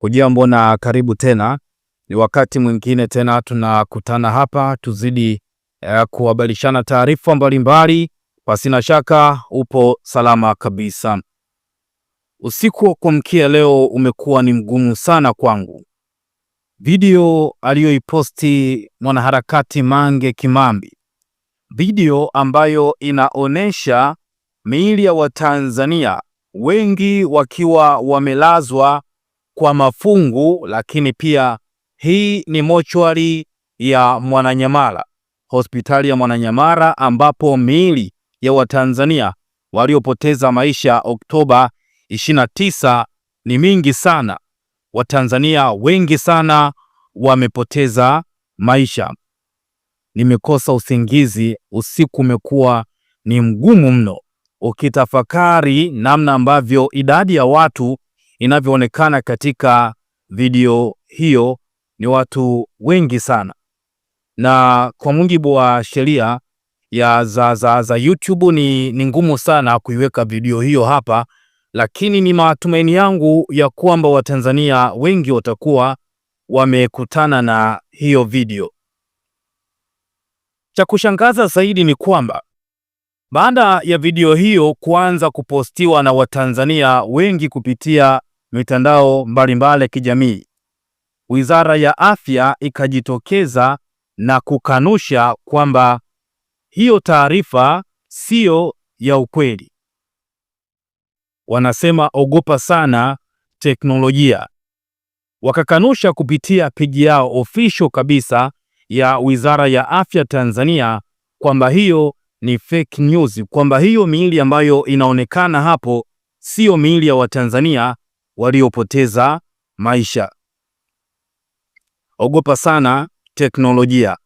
Hujambo na karibu tena, ni wakati mwingine tena tunakutana hapa tuzidi eh, kuhabarishana taarifa mbalimbali. Pasina shaka upo salama kabisa. Usiku wa kuamkia leo umekuwa ni mgumu sana kwangu. Video aliyoiposti mwanaharakati Mange Kimambi, video ambayo inaonyesha miili ya Watanzania wengi wakiwa wamelazwa kwa mafungu, lakini pia hii ni mochwari ya Mwananyamala, hospitali ya Mwananyamala ambapo miili ya Watanzania waliopoteza maisha Oktoba 29 ni mingi sana. Watanzania wengi sana wamepoteza maisha. Nimekosa usingizi usiku, umekuwa ni mgumu mno, ukitafakari namna ambavyo idadi ya watu Inavyoonekana katika video hiyo ni watu wengi sana, na kwa mujibu wa sheria ya za, za, za YouTube ni, ni ngumu sana kuiweka video hiyo hapa, lakini ni matumaini yangu ya kwamba Watanzania wengi watakuwa wamekutana na hiyo video. Cha kushangaza zaidi ni kwamba baada ya video hiyo kuanza kupostiwa na Watanzania wengi kupitia mitandao mbalimbali ya kijamii, Wizara ya Afya ikajitokeza na kukanusha kwamba hiyo taarifa siyo ya ukweli. Wanasema ogopa sana teknolojia. Wakakanusha kupitia peji yao official kabisa ya Wizara ya Afya Tanzania kwamba hiyo ni fake news, kwamba hiyo miili ambayo inaonekana hapo siyo miili ya Watanzania waliopoteza maisha. Ogopa sana teknolojia.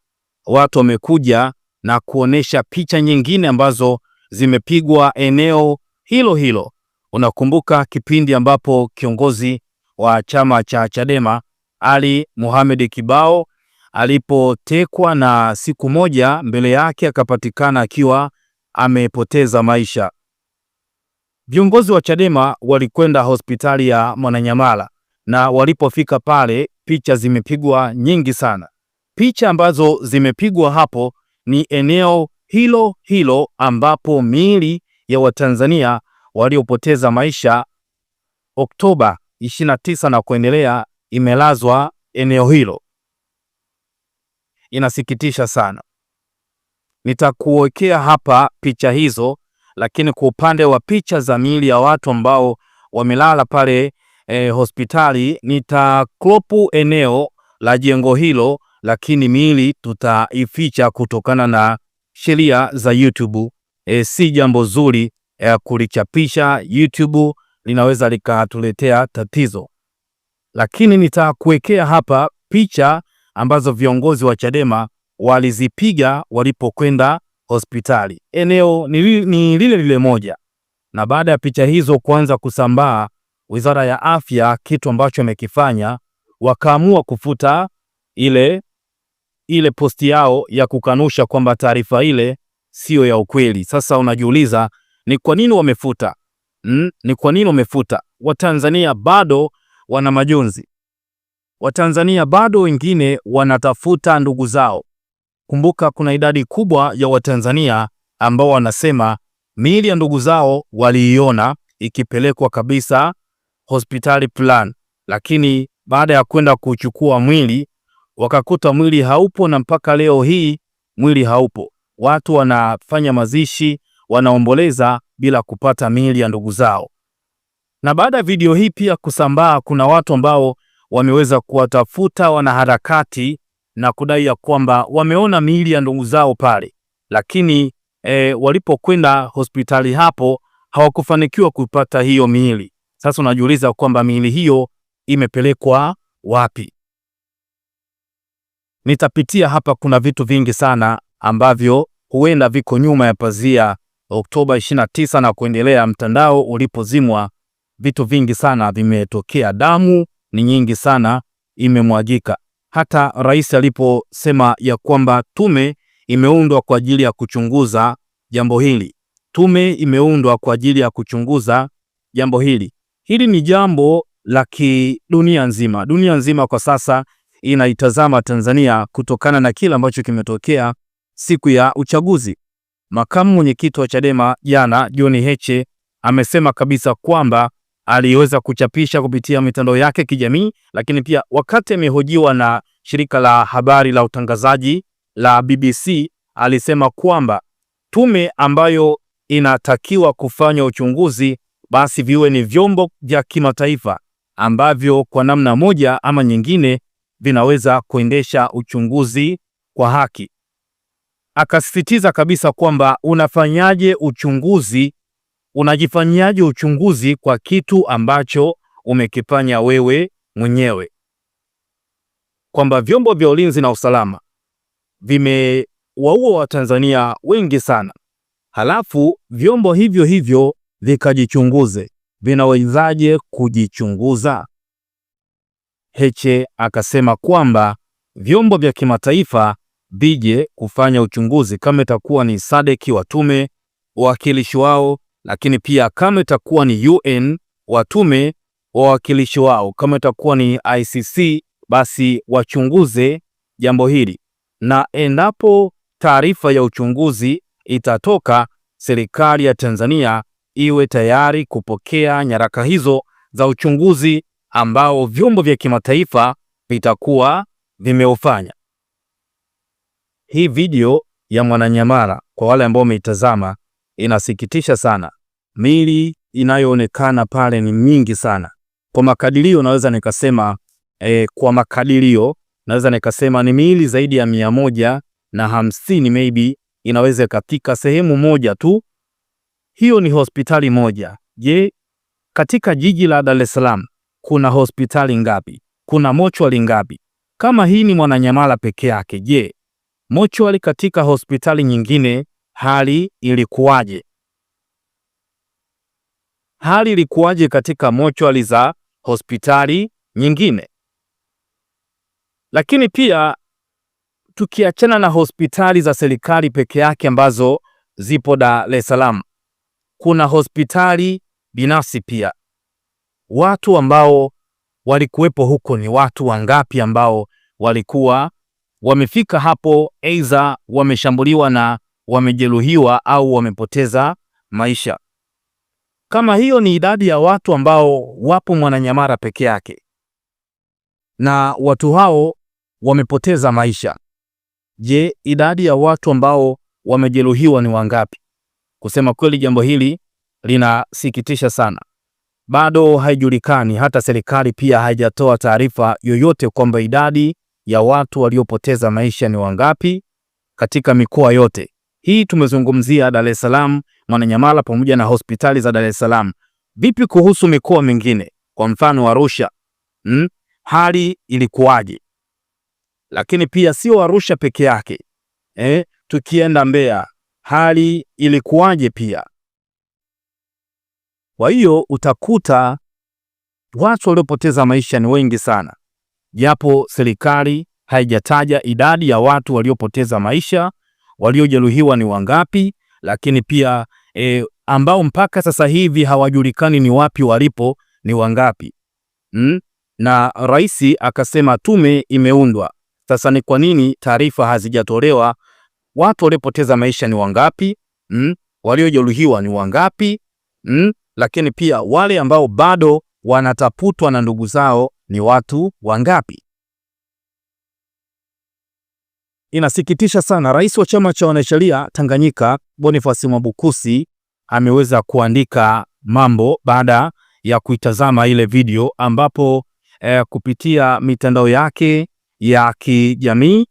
Watu wamekuja na kuonesha picha nyingine ambazo zimepigwa eneo hilo hilo. Unakumbuka kipindi ambapo kiongozi wa chama cha Chadema Ali Mohamed Kibao alipotekwa na siku moja mbele yake akapatikana akiwa amepoteza maisha. Viongozi wa Chadema walikwenda hospitali ya Mwananyamala na walipofika pale, picha zimepigwa nyingi sana. Picha ambazo zimepigwa hapo ni eneo hilo hilo ambapo miili ya Watanzania waliopoteza maisha Oktoba 29 na kuendelea imelazwa eneo hilo. Inasikitisha sana. Nitakuwekea hapa picha hizo lakini kwa upande wa picha za miili ya watu ambao wamelala pale e, hospitali nitaklopu eneo la jengo hilo, lakini miili tutaificha kutokana na sheria za YouTube. E, si jambo zuri e, kulichapisha YouTube linaweza likatuletea tatizo, lakini nitakuwekea hapa picha ambazo viongozi wa Chadema walizipiga walipokwenda hospitali. Eneo ni, ni lile lile moja. Na baada ya picha hizo kuanza kusambaa, Wizara ya Afya kitu ambacho imekifanya wakaamua kufuta ile ile posti yao ya kukanusha kwamba taarifa ile siyo ya ukweli. Sasa unajiuliza ni kwa nini wamefuta? Mm, ni kwa nini wamefuta? Watanzania bado wana majonzi. Watanzania bado wengine wanatafuta ndugu zao. Kumbuka kuna idadi kubwa ya Watanzania ambao wanasema miili ya ndugu zao waliiona ikipelekwa kabisa hospitali plan lakini baada ya kwenda kuchukua mwili wakakuta mwili haupo, na mpaka leo hii mwili haupo. Watu wanafanya mazishi, wanaomboleza bila kupata miili ya ndugu zao. Na baada ya video hii pia kusambaa, kuna watu ambao wameweza kuwatafuta wanaharakati na kudai ya kwamba wameona miili ya ndugu zao pale, lakini e, walipokwenda hospitali hapo hawakufanikiwa kupata hiyo miili. Sasa unajiuliza kwamba miili hiyo imepelekwa wapi? Nitapitia hapa, kuna vitu vingi sana ambavyo huenda viko nyuma ya pazia. Oktoba 29 na kuendelea, mtandao ulipozimwa, vitu vingi sana vimetokea, damu ni nyingi sana imemwagika hata rais aliposema ya kwamba tume imeundwa kwa ajili ya kuchunguza jambo hili, tume imeundwa kwa ajili ya kuchunguza jambo hili. Hili ni jambo la kidunia nzima. Dunia nzima kwa sasa inaitazama Tanzania kutokana na kile ambacho kimetokea siku ya uchaguzi. Makamu mwenyekiti wa Chadema jana John Heche amesema kabisa kwamba aliweza kuchapisha kupitia mitandao yake kijamii, lakini pia wakati amehojiwa na shirika la habari la utangazaji la BBC alisema kwamba tume ambayo inatakiwa kufanya uchunguzi basi viwe ni vyombo vya kimataifa ambavyo kwa namna moja ama nyingine vinaweza kuendesha uchunguzi kwa haki. Akasisitiza kabisa kwamba unafanyaje uchunguzi unajifanyiaje uchunguzi kwa kitu ambacho umekifanya wewe mwenyewe, kwamba vyombo vya ulinzi na usalama vimewaua Watanzania wengi sana, halafu vyombo hivyo hivyo vikajichunguze, vinawezaje kujichunguza? Heche akasema kwamba vyombo vya kimataifa vije kufanya uchunguzi, kama itakuwa ni sadeki watume wawakilishi wao lakini pia kama itakuwa ni UN watume wawakilishi wao, kama itakuwa ni ICC basi wachunguze jambo hili, na endapo taarifa ya uchunguzi itatoka, serikali ya Tanzania iwe tayari kupokea nyaraka hizo za uchunguzi ambao vyombo vya kimataifa vitakuwa vimeufanya. Hii video ya Mwananyamala kwa wale ambao wameitazama inasikitisha sana. Mili inayoonekana pale ni mingi sana. Kwa makadirio naweza nikasema e, kwa makadirio naweza nikasema ni miili zaidi ya mia moja na hamsini maybe inaweza ikafika sehemu moja tu. Hiyo ni hospitali moja. Je, katika jiji la Dar es Salaam kuna hospitali ngapi? Kuna mochwali ngapi? Kama hii ni Mwananyamala peke yake, je, mochwali katika hospitali nyingine hali ilikuwaje? Hali ilikuwaje katika mochwali za hospitali nyingine? Lakini pia tukiachana na hospitali za serikali peke yake ambazo zipo Dar es Salaam, kuna hospitali binafsi pia. Watu ambao walikuwepo huko ni watu wangapi ambao walikuwa wamefika hapo, aidha wameshambuliwa na wamejeruhiwa au wamepoteza maisha. Kama hiyo ni idadi ya watu ambao wapo Mwananyamala peke yake na watu hao wamepoteza maisha, je, idadi ya watu ambao wamejeruhiwa ni wangapi? Kusema kweli, jambo hili linasikitisha sana. Bado haijulikani, hata serikali pia haijatoa taarifa yoyote kwamba idadi ya watu waliopoteza maisha ni wangapi katika mikoa yote. Hii tumezungumzia Dar es Salaam, Mwananyamala pamoja na hospitali za Dar es Salaam. Vipi kuhusu mikoa mingine, kwa mfano Arusha? Hmm, hali ilikuwaje? Lakini pia sio Arusha peke yake eh, tukienda Mbeya hali ilikuwaje pia? Kwa hiyo utakuta watu waliopoteza maisha ni wengi sana, japo serikali haijataja idadi ya watu waliopoteza maisha waliojeruhiwa ni wangapi, lakini pia e, ambao mpaka sasa hivi hawajulikani ni wapi walipo ni wangapi hmm? Na rais akasema tume imeundwa sasa. Ni kwa nini taarifa hazijatolewa? Watu waliopoteza maisha ni wangapi hmm? Waliojeruhiwa ni wangapi hmm? Lakini pia wale ambao bado wanatafutwa na ndugu zao ni watu wangapi? Inasikitisha sana. Rais wa chama cha wanasheria Tanganyika Boniface Mwabukusi ameweza kuandika mambo baada ya kuitazama ile video ambapo eh, kupitia mitandao yake ya kijamii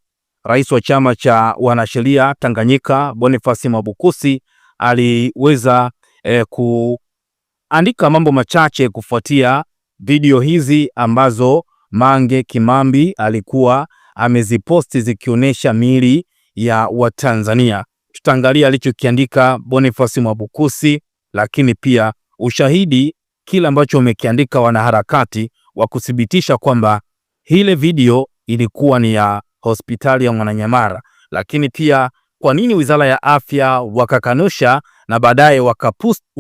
rais wa chama cha wanasheria Tanganyika Boniface Mwabukusi aliweza eh, kuandika mambo machache kufuatia video hizi ambazo Mange Kimambi alikuwa ameziposti zikionyesha miili ya Watanzania. Tutaangalia alichokiandika Boniface Mwabukusi, lakini pia ushahidi kile ambacho wamekiandika wanaharakati wa kuthibitisha kwamba ile video ilikuwa ni ya hospitali ya Mwananyamala, lakini pia kwa nini Wizara ya Afya wakakanusha na baadaye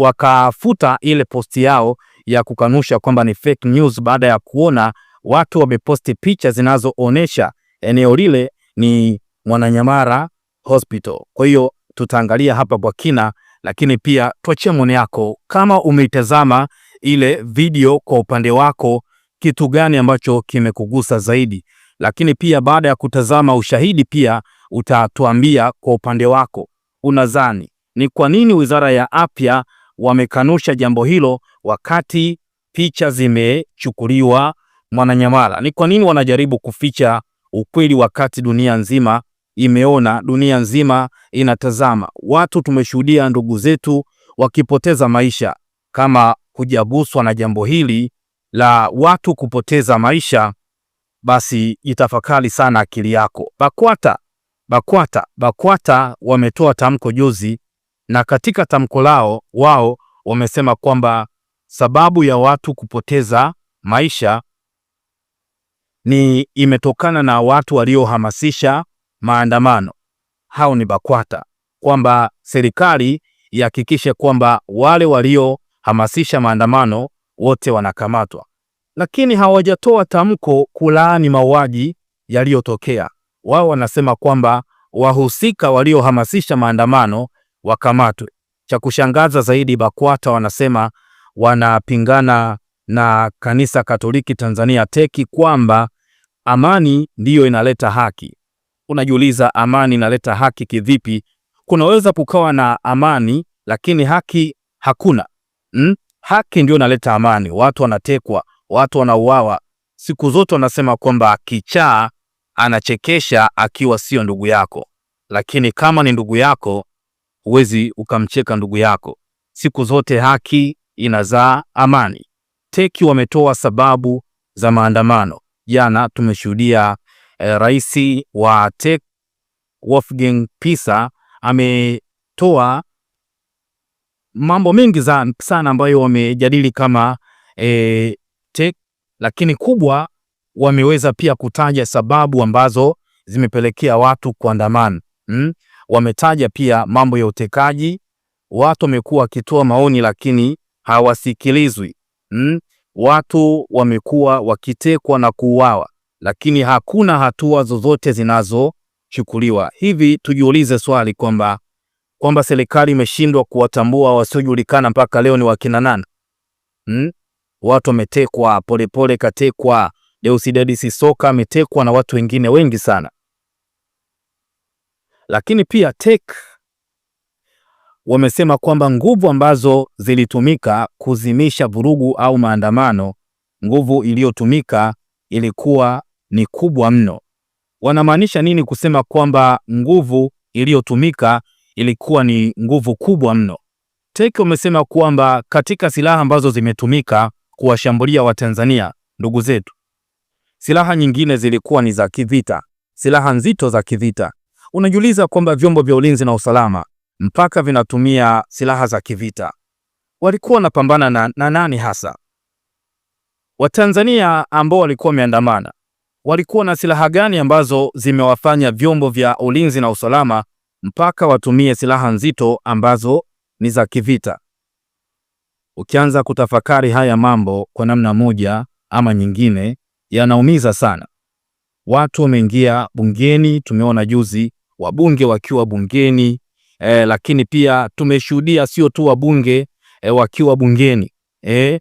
wakafuta ile posti yao ya kukanusha kwamba ni fake news, baada ya kuona watu wameposti picha zinazoonyesha eneo lile ni Mwananyamala Hospital. Kwa hiyo tutaangalia hapa kwa kina, lakini pia tuachie maoni yako kama umeitazama ile video kwa upande wako, kitu gani ambacho kimekugusa zaidi? Lakini pia baada ya kutazama ushahidi, pia utatuambia kwa upande wako unadhani ni kwa nini Wizara ya Afya wamekanusha jambo hilo wakati picha zimechukuliwa Mwananyamala? Ni kwa nini wanajaribu kuficha ukweli, wakati dunia nzima imeona, dunia nzima inatazama. Watu tumeshuhudia ndugu zetu wakipoteza maisha, kama hujaguswa na jambo hili la watu kupoteza maisha, basi itafakari sana akili yako. BAKWATA, BAKWATA, BAKWATA wametoa tamko juzi, na katika tamko lao wao wamesema kwamba sababu ya watu kupoteza maisha ni imetokana na watu waliohamasisha maandamano, hao ni BAKWATA, kwamba serikali ihakikishe kwamba wale waliohamasisha maandamano wote wanakamatwa, lakini hawajatoa tamko kulaani mauaji yaliyotokea. Wao wanasema kwamba wahusika waliohamasisha maandamano wakamatwe. Cha kushangaza zaidi, BAKWATA wanasema wanapingana na Kanisa Katoliki Tanzania teki kwamba Amani ndiyo inaleta haki. Unajiuliza, amani inaleta haki kivipi? Kunaweza kukawa na amani lakini haki hakuna hmm? Haki ndio inaleta amani. Watu wanatekwa, watu wanauawa, siku zote wanasema kwamba kichaa anachekesha akiwa sio ndugu yako, lakini kama ni ndugu yako huwezi ukamcheka ndugu yako. Siku zote haki inazaa amani. Teki wametoa sababu za maandamano jana tumeshuhudia eh, rais wa TEC Wolfgang Pisa ametoa mambo mengi sana ambayo wamejadili kama eh, TEC, lakini kubwa wameweza pia kutaja sababu ambazo zimepelekea watu kuandamana hmm? Wametaja pia mambo ya utekaji, watu wamekuwa wakitoa maoni lakini hawasikilizwi hmm? watu wamekuwa wakitekwa na kuuawa, lakini hakuna hatua zozote zinazochukuliwa. Hivi tujiulize swali kwamba kwamba serikali imeshindwa kuwatambua wasiojulikana mpaka leo ni wakina nani? Hmm? Watu wametekwa, Polepole katekwa, Deusdedith Soka ametekwa na watu wengine wengi sana, lakini pia tek wamesema kwamba nguvu ambazo zilitumika kuzimisha vurugu au maandamano, nguvu iliyotumika ilikuwa ni kubwa mno. Wanamaanisha nini kusema kwamba nguvu iliyotumika ilikuwa ni nguvu kubwa mno? Teke wamesema kwamba katika silaha ambazo zimetumika kuwashambulia Watanzania ndugu zetu, silaha nyingine zilikuwa ni za kivita, silaha nzito za kivita. Unajiuliza kwamba vyombo vya ulinzi na usalama mpaka vinatumia silaha za kivita. Walikuwa wanapambana na, na nani hasa? Watanzania ambao walikuwa wameandamana walikuwa na silaha gani ambazo zimewafanya vyombo vya ulinzi na usalama mpaka watumie silaha nzito ambazo ni za kivita? Ukianza kutafakari haya mambo kwa namna moja ama nyingine, yanaumiza sana. Watu wameingia bungeni, tumeona juzi wabunge wakiwa bungeni e, lakini pia tumeshuhudia sio tu wabunge e, wakiwa bungeni e,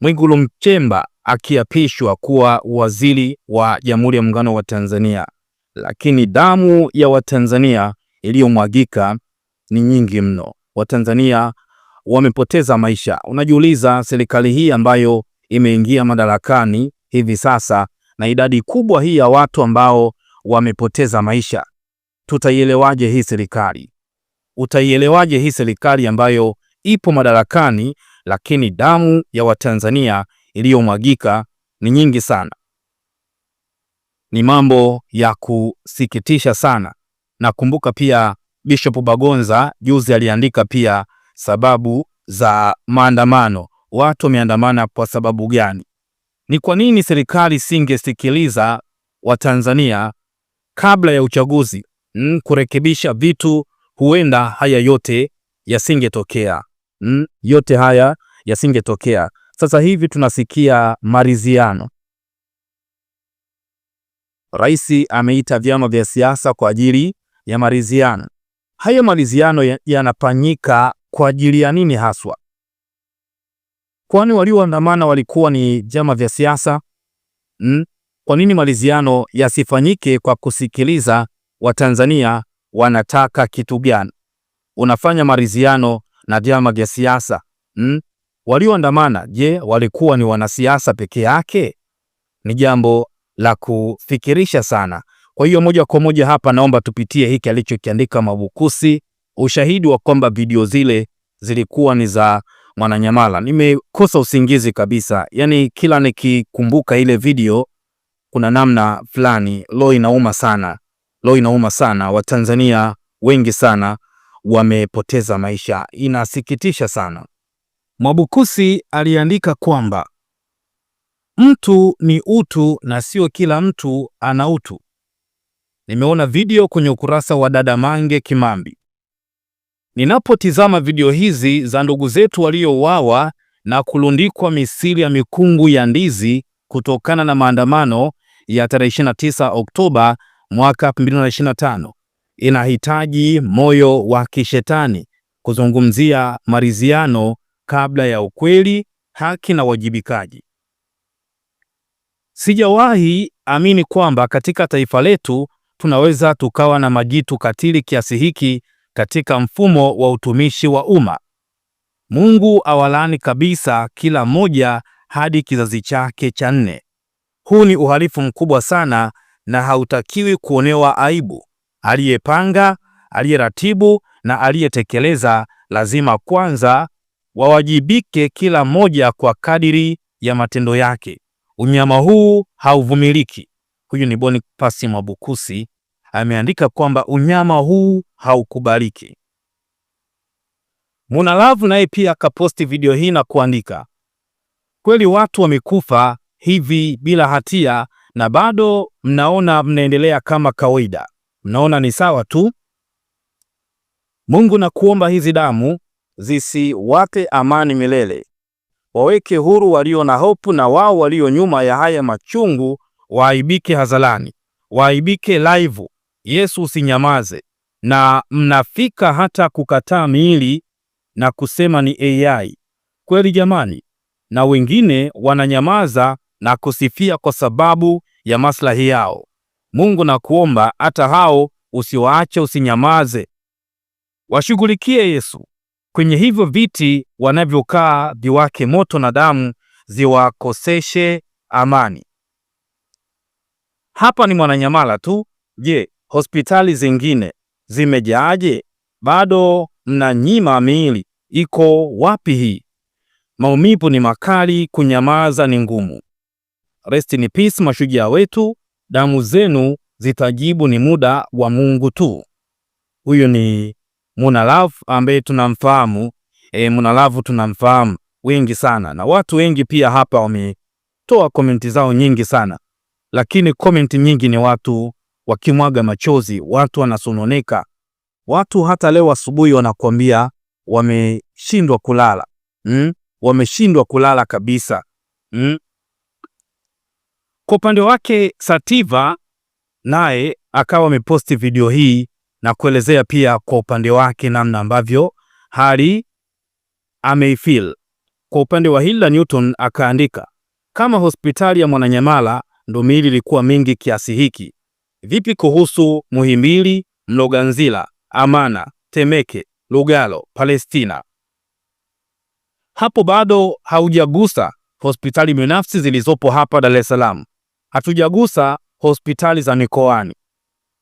Mwigulu Nchemba akiapishwa kuwa waziri wa Jamhuri ya Muungano wa Tanzania, lakini damu ya Watanzania iliyomwagika ni nyingi mno. Watanzania wamepoteza maisha. Unajiuliza, serikali hii ambayo imeingia madarakani hivi sasa na idadi kubwa hii ya watu ambao wamepoteza maisha, tutaielewaje hii serikali? utaielewaje hii serikali ambayo ipo madarakani, lakini damu ya Watanzania iliyomwagika ni nyingi sana? Ni mambo ya kusikitisha sana. Nakumbuka pia Bishop Bagonza juzi aliandika pia sababu za maandamano, watu wameandamana kwa sababu gani? Ni kwa nini serikali singesikiliza Watanzania kabla ya uchaguzi mm, kurekebisha vitu huenda haya yote yasingetokea. Mm, yote haya yasingetokea. Sasa hivi tunasikia maridhiano, rais ameita vyama vya siasa kwa ajili ya maridhiano. Haya maridhiano yanafanyika kwa ajili ya nini haswa? Kwani walioandamana walikuwa ni vyama vya siasa? Mm, kwa nini maridhiano yasifanyike kwa kusikiliza Watanzania wanataka kitu gani? Unafanya maridhiano na vyama vya siasa hmm? Walioandamana je, walikuwa ni wanasiasa peke yake? Ni jambo la kufikirisha sana. Kwa hiyo moja kwa moja hapa naomba tupitie hiki alichokiandika Mwabukusi, ushahidi wa kwamba video zile zilikuwa ni za Mwananyamala. Nimekosa usingizi kabisa, yaani kila nikikumbuka ile video kuna namna fulani lo inauma sana lo inauma sana, Watanzania wengi sana wamepoteza maisha, inasikitisha sana. Mwabukusi aliandika kwamba mtu ni utu na sio kila mtu ana utu. Nimeona video kwenye ukurasa wa dada Mange Kimambi. Ninapotizama video hizi za ndugu zetu waliouawa na kulundikwa misili ya mikungu ya ndizi kutokana na maandamano ya tarehe 29 Oktoba mwaka 2025 inahitaji moyo wa kishetani kuzungumzia maridhiano kabla ya ukweli, haki na uwajibikaji. Sijawahi amini kwamba katika taifa letu tunaweza tukawa na majitu katili kiasi hiki katika mfumo wa utumishi wa umma. Mungu awalaani kabisa kila mmoja hadi kizazi chake cha nne. Huu ni uhalifu mkubwa sana na hautakiwi kuonewa aibu. Aliyepanga, aliyeratibu na aliyetekeleza lazima kwanza wawajibike, kila mmoja kwa kadiri ya matendo yake. Unyama huu hauvumiliki. Huyu ni Boniface Mwabukusi ameandika kwamba unyama huu haukubaliki. muna Love naye pia akaposti video hii na kuandika, kweli watu wamekufa hivi bila hatia na bado mnaona mnaendelea kama kawaida, mnaona ni sawa tu. Mungu, nakuomba hizi damu zisiwape amani milele, waweke huru walio na hofu, na wao walio nyuma ya haya machungu waaibike hadharani, waaibike live. Yesu, usinyamaze. Na mnafika hata kukataa miili na kusema ni AI kweli jamani, na wengine wananyamaza na kusifia kwa sababu ya maslahi yao. Mungu nakuomba hata hao usiwaache, usinyamaze, washughulikie Yesu kwenye hivyo viti wanavyokaa, viwake moto na damu ziwakoseshe amani. Hapa ni Mwananyamala tu. Je, hospitali zingine zimejaaje? Bado mnanyima miili, iko wapi hii? Maumivu ni makali, kunyamaza ni ngumu. Rest in peace, mashujaa wetu, damu zenu zitajibu, ni muda wa Mungu tu. Huyu ni Muna Love ambaye tunamfahamu e, Muna Love tunamfahamu wengi sana, na watu wengi pia hapa wametoa komenti zao nyingi sana, lakini komenti nyingi ni watu wakimwaga machozi, watu wanasononeka, watu hata leo asubuhi wanakuambia wameshindwa kulala mm? wameshindwa kulala kabisa mm? Kwa upande wake Sativa naye akawa ameposti video hii na kuelezea pia kwa upande wake namna ambavyo hali ameifeel. Kwa upande wa Hilda Newton akaandika, kama hospitali ya Mwananyamala ndo miili ilikuwa mingi kiasi hiki, vipi kuhusu Muhimbili, Mloganzila, Amana, Temeke, Lugalo, Palestina? Hapo bado haujagusa hospitali binafsi zilizopo hapa Dar es Salaam hatujagusa hospitali za mikoani,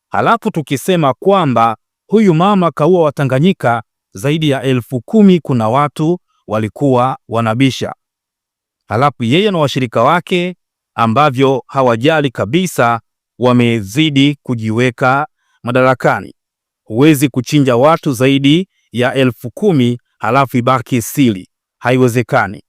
halafu tukisema kwamba huyu mama kaua Watanganyika zaidi ya elfu kumi, kuna watu walikuwa wanabisha, halafu yeye na washirika wake ambavyo hawajali kabisa, wamezidi kujiweka madarakani. Huwezi kuchinja watu zaidi ya elfu kumi halafu ibaki sili haiwezekani.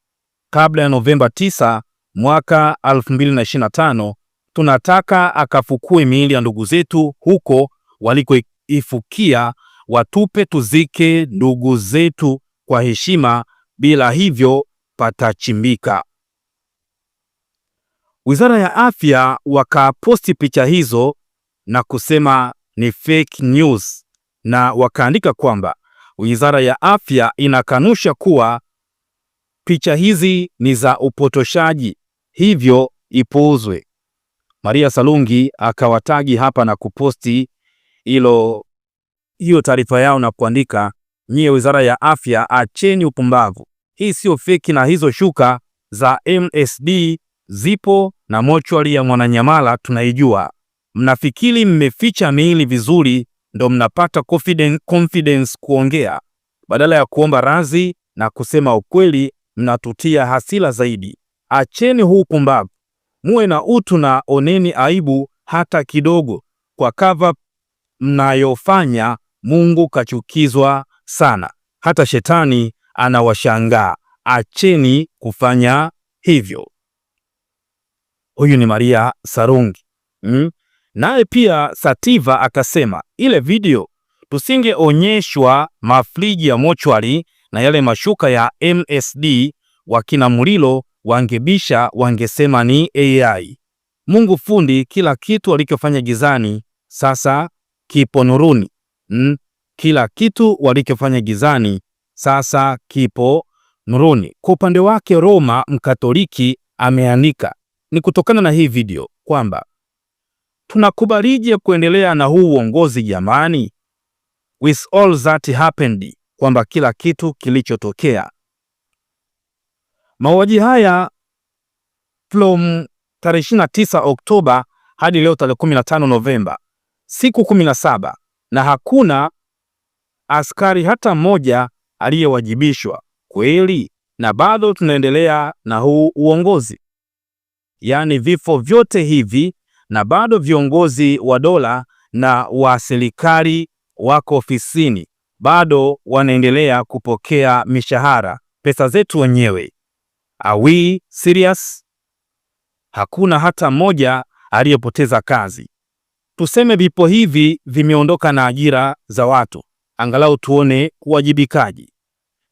Kabla ya Novemba 9 mwaka 2025 tunataka akafukue miili ya ndugu zetu huko walikoifukia, watupe tuzike ndugu zetu kwa heshima, bila hivyo patachimbika. Wizara ya Afya wakaposti picha hizo na kusema ni fake news, na wakaandika kwamba Wizara ya Afya inakanusha kuwa picha hizi ni za upotoshaji hivyo ipuuzwe. Maria Salungi akawatagi hapa na kuposti hilo hiyo taarifa yao na kuandika, nyie wizara ya afya, acheni upumbavu, hii sio feki, na hizo shuka za MSD zipo na mochwali ya Mwananyamala tunaijua. Mnafikiri mmeficha miili vizuri ndo mnapata confidence, confidence kuongea badala ya kuomba radhi na kusema ukweli, mnatutia hasira zaidi. Acheni huu pumbavu, muwe na utu na oneni aibu hata kidogo, kwa kava mnayofanya Mungu kachukizwa sana, hata shetani anawashangaa. Acheni kufanya hivyo. Huyu ni Maria Sarungi mm. Naye pia Sativa akasema ile video tusingeonyeshwa mafriji ya mochwali na yale mashuka ya MSD wakina Mulilo wangebisha, wangesema ni AI. Mungu fundi, kila kitu alichofanya gizani sasa kipo nuruni. Mm? Kila kitu walichofanya gizani sasa kipo nuruni. Kwa upande wake Roma Mkatoliki ameandika ni kutokana na hii video kwamba tunakubalije kuendelea na huu uongozi jamani, with all that happened, kwamba kila kitu kilichotokea Mauaji haya from tarehe 29 Oktoba hadi leo tarehe 15 Novemba, siku 17, na hakuna askari hata mmoja aliyewajibishwa kweli, na bado tunaendelea na huu uongozi, yaani vifo vyote hivi, na bado viongozi wa dola na wa serikali wako ofisini, bado wanaendelea kupokea mishahara, pesa zetu wenyewe. Are we serious? Hakuna hata mmoja aliyepoteza kazi. Tuseme vipo hivi vimeondoka na ajira za watu, angalau tuone uwajibikaji.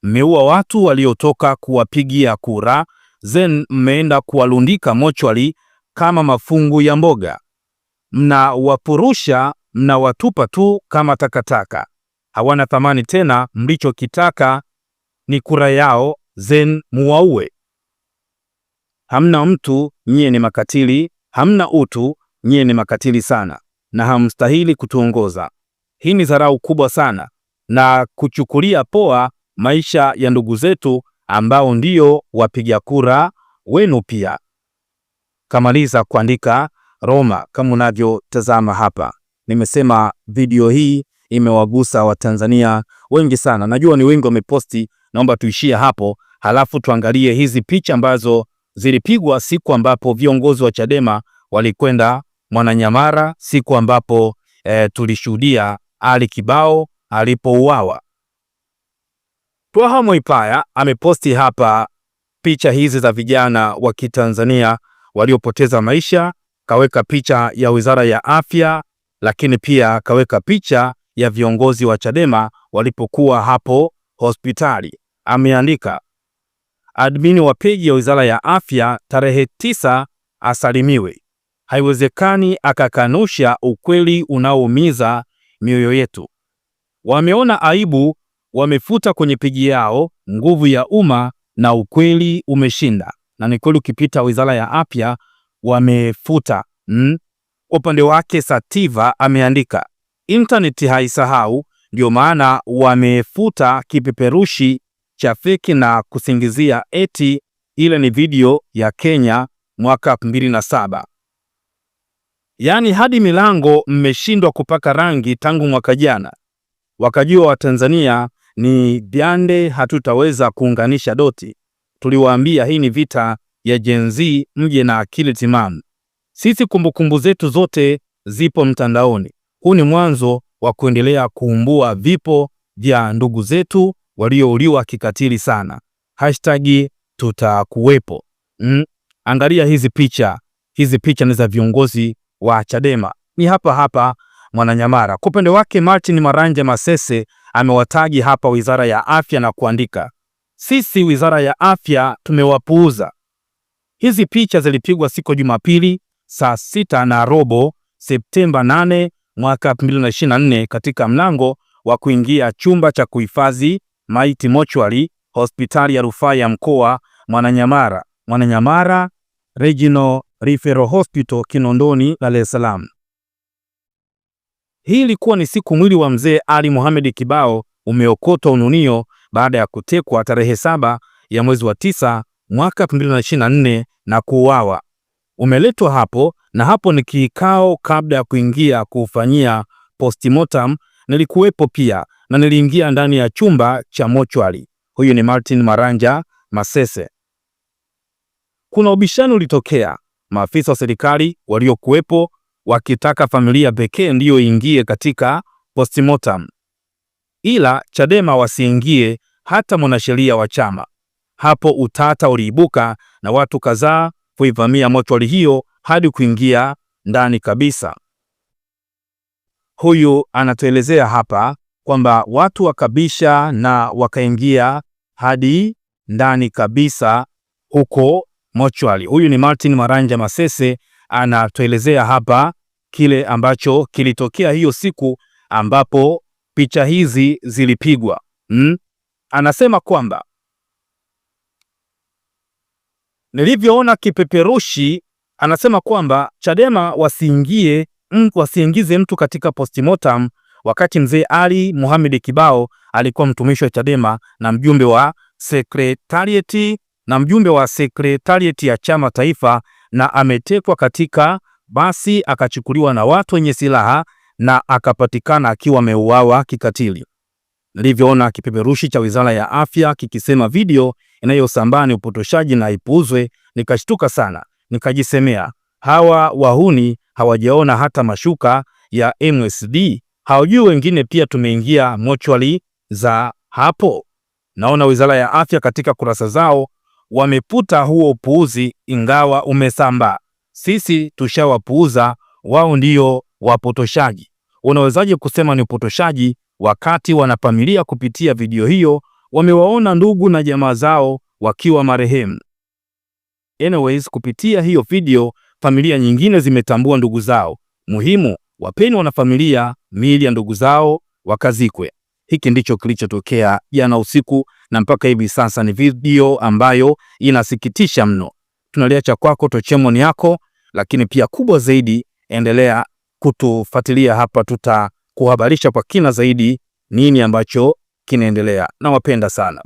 Mmeua watu waliotoka kuwapigia kura, then mmeenda kuwalundika mochwali kama mafungu ya mboga. Mnawapurusha, mnawatupa tu kama takataka. Hawana thamani tena. Mlichokitaka ni kura yao, then muwaue hamna mtu, nyie ni makatili, hamna utu, nyie ni makatili sana na hamstahili kutuongoza. Hii ni dharau kubwa sana na kuchukulia poa maisha ya ndugu zetu ambao ndio wapiga kura wenu pia. Kamaliza kuandika Roma kama unavyotazama hapa. Nimesema video hii imewagusa Watanzania wengi sana, najua ni wengi wameposti. Naomba tuishie hapo, halafu tuangalie hizi picha ambazo zilipigwa siku ambapo viongozi wa Chadema walikwenda Mwananyamara, siku ambapo e, tulishuhudia Ali Kibao alipouawa. Twaha Mwaipaya ameposti hapa picha hizi za vijana wa Kitanzania waliopoteza maisha, kaweka picha ya Wizara ya Afya, lakini pia kaweka picha ya viongozi wa Chadema walipokuwa hapo hospitali. Ameandika admini wa peji ya Wizara ya Afya tarehe tisa asalimiwe. Haiwezekani akakanusha ukweli unaoumiza mioyo yetu. Wameona aibu, wamefuta kwenye peji yao nguvu ya umma na ukweli umeshinda. Na ni kweli ukipita Wizara ya Afya wamefuta mm. Upande wake Sativa ameandika intaneti haisahau, ndio maana wamefuta kipeperushi chafiki na kusingizia eti ile ni video ya Kenya mwaka 2007. Yaani hadi milango mmeshindwa kupaka rangi tangu mwaka jana. Wakajua Watanzania ni vyande, hatutaweza kuunganisha doti. Tuliwaambia hii ni vita ya Gen Z, mje na akili timamu. Sisi kumbukumbu zetu zote zipo mtandaoni. Huu ni mwanzo wa kuendelea kuumbua vipo vya ndugu zetu waliouliwa kikatili sana. Hashtag tutakuwepo. Mm. Angalia hizi picha, hizi picha ni za viongozi wa Chadema, ni hapa hapa Mwananyamara. Kwa upande wake Martin Maranje Masese amewataji hapa Wizara ya Afya na kuandika, sisi Wizara ya Afya tumewapuuza. Hizi picha zilipigwa siku Jumapili saa sita na robo Septemba 8 mwaka 2024 katika mlango wa kuingia chumba cha kuhifadhi maiti mochwari hospitali ya rufaa ya mkoa Mwananyamara, Mwananyamara Regional Referral Hospital Kinondoni, Dar es Salaam. Hii ilikuwa ni siku mwili wa mzee Ali Mohamed Kibao umeokotwa Ununio baada ya kutekwa tarehe saba ya mwezi wa tisa mwaka 2024 na kuuawa. Umeletwa hapo na hapo ni kikao kabla ya kuingia kuufanyia postmortem, nilikuwepo pia na niliingia ndani ya chumba cha mochwali Huyu ni Martin Maranja Masese. Kuna ubishano ulitokea, maafisa wa serikali waliokuwepo wakitaka familia pekee ndiyo ingie katika postmortem, ila Chadema wasiingie hata mwanasheria wa chama. Hapo utata uliibuka na watu kadhaa kuivamia mochwali hiyo hadi kuingia ndani kabisa. Huyu anatuelezea hapa kwamba watu wakabisha na wakaingia hadi ndani kabisa huko mochwali. Huyu ni Martin Maranja Masese anatuelezea hapa kile ambacho kilitokea hiyo siku ambapo picha hizi zilipigwa hmm? Anasema kwamba nilivyoona kipeperushi, anasema kwamba Chadema wasiingie, wasiingize mtu katika postmortem wakati mzee Ali muhamedi Kibao alikuwa mtumishi wa Chadema na mjumbe wa sekretarieti na mjumbe wa sekretarieti ya chama taifa, na ametekwa katika basi akachukuliwa na watu wenye silaha na akapatikana akiwa ameuawa kikatili. Nilivyoona kipeperushi cha Wizara ya Afya kikisema video inayosambaa ni upotoshaji na ipuuzwe, nikashtuka sana, nikajisemea hawa wahuni hawajaona hata mashuka ya MSD hawajui wengine pia tumeingia mochwali za hapo. Naona Wizara ya Afya katika kurasa zao wameputa huo upuuzi, ingawa umesambaa. Sisi tushawapuuza, wao ndio wapotoshaji. Unawezaje kusema ni upotoshaji wakati wanafamilia kupitia video hiyo wamewaona ndugu na jamaa zao wakiwa marehemu? Anyways, kupitia hiyo video familia nyingine zimetambua ndugu zao. Muhimu, wapeni wanafamilia miili ya ndugu zao wakazikwe. Hiki ndicho kilichotokea jana usiku, na mpaka hivi sasa ni video ambayo inasikitisha mno. Tunaliacha kwako, tochea maoni yako, lakini pia kubwa zaidi, endelea kutufuatilia hapa, tutakuhabarisha kwa kina zaidi nini ambacho kinaendelea. Nawapenda sana.